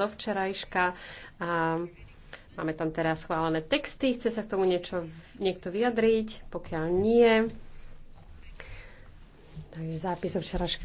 zo včerajška. A máme tam teraz schválené texty. Chce sa k tomu niečo, niekto vyjadriť? Pokiaľ nie, takže zápis o včerajška